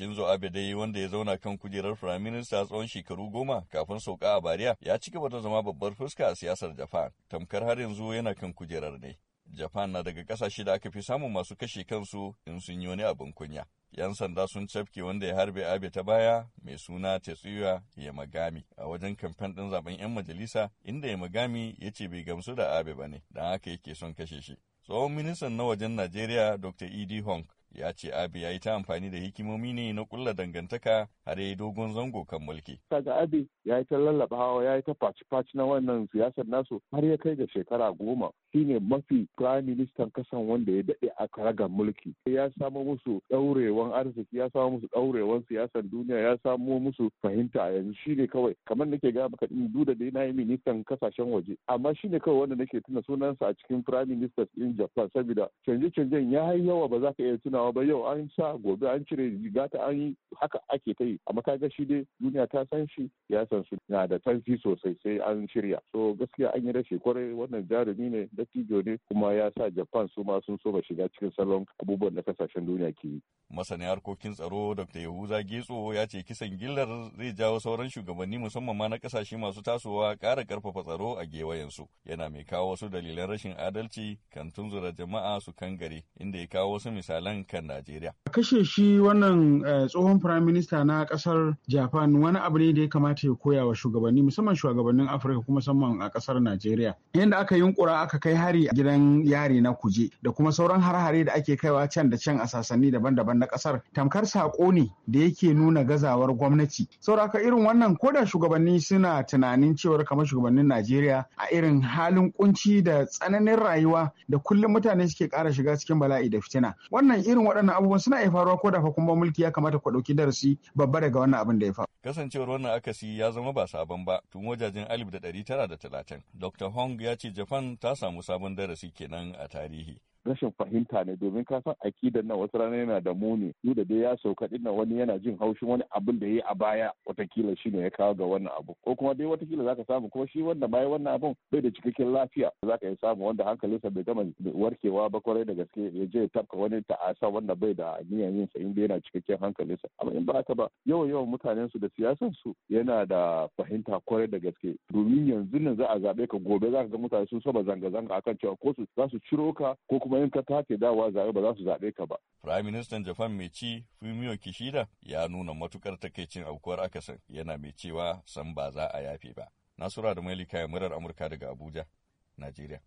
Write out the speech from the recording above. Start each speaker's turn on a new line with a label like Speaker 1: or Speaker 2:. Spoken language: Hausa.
Speaker 1: Shinzo Abe dai wanda ya zauna kan kujerar firaminista tsawon shekaru goma kafin sauka a bariya ya ci gaba da zama babbar fuska a siyasar Japan, tamkar har yanzu yana kan kujerar ne. Japan na daga kasashe da aka fi samun masu kashe kansu in sun yi wani abin kunya. 'Yan sanda sun cafke wanda ya harbe abe ta baya mai suna Tetsuya Yamagami a wajen kamfen ɗin zaben 'yan majalisa inda Yamagami ya ce bai gamsu da abe ba ne, don haka yake son kashe shi. Tsohon ministan na wajen Najeriya Dr. E.D. Hong ya ce abi ya yi ta amfani da hikimomi ne na kulla dangantaka har ya dogon zango kan mulki.
Speaker 2: Kaga abi ya yi ta lallaba hawa ya yi ta faci-faci na wannan siyasar nasu har ya kai ga shekara goma shine mafi prime minister kasan wanda ya daɗe a karagar mulki. Ya samo musu ɗaurewan arziki ya samo musu ɗaurewan siyasar duniya ya samo musu fahimta a yanzu shine kawai kamar nake gaya maka din duda dai na yi ministan kasashen waje amma shi ne kawai wanda nake tuna sunansa a cikin prime minister in Japan saboda canje-canjen ya yi yawa ba za ka iya tuna nawa ba yau an sa gobe an cire riga ta an yi haka ake ta yi amma kaga shi dai duniya ta san shi ya san su na da tansi sosai sai an shirya so gaskiya an yi rashe kwarai wannan jarumi ne dattijo ne kuma ya sa japan su ma sun so ba shiga cikin salon abubuwan da kasashen duniya ke yi
Speaker 1: masana harkokin tsaro dr yahuza getso ya ce kisan gillar zai jawo sauran shugabanni musamman ma na kasashe masu tasowa kara karfafa tsaro a gewayensu yana mai kawo wasu dalilan rashin adalci kan tunzura jama'a su kangare inda ya kawo wasu misalan kan Najeriya.
Speaker 3: Kashe shi wannan eh, tsohon firayim minista na kasar Japan wani abu ne da ya kamata ya koya wa shugabanni musamman shugabannin Afirka kuma musamman a kasar Najeriya. Yadda aka yunkura aka kai hari a gidan yari na kuje da kuma sauran har-hare da ake kaiwa can da can a sasanni daban-daban na kasar tamkar saƙo ne da yake nuna gazawar gwamnati. Sauraka irin wannan ko da shugabanni suna tunanin cewar kamar shugabannin Najeriya a irin halin kunci da tsananin rayuwa da kullum mutane suke ƙara shiga cikin bala'i da fitina. Wannan irin irin waɗannan abubuwan suna iya faruwa ko da fa kuma mulki ya kamata ku ɗauki darasi babba daga wannan abin da ya faru.
Speaker 1: Kasancewar wannan akasi ya zama ba sabon ba tun wajajen alif da ɗari tara da talatin. Dr. Hong ya ce Japan ta samu sabon darasi kenan a tarihi.
Speaker 2: rashin fahimta ne domin ka san akidan nan wasu ranar yana da muni Su da dai ya sauka din nan wani yana jin haushin wani abin da ya yi a baya watakila shi ne ya kawo ga wannan abu ko kuma dai watakila zaka samu kuma shi wanda bai wannan abun bai da cikakken lafiya Za ka iya samu wanda hankalinsa bai gama warkewa ba kwarai da gaske ya je tafka wani ta'asa wanda bai da niyan yin sa inda yana cikakken hankalinsa amma in ba haka ba yawan yawan mutanen su da siyasan su yana da fahimta kwarai da gaske domin yanzu nan za a zabe ka gobe za ka ga mutane sun saba zanga-zanga akan cewa ko su za su ciro ka ko kuma in ka take dawa zaɓe ba za su zaɓe ka ba.
Speaker 1: Prime Minister Japan mai ci Fumio Kishida ya nuna matukar takaicin aukuwar akasin yana mai cewa san ba za a yafe ba. Nasura da Malika murar Amurka daga Abuja, Najeriya.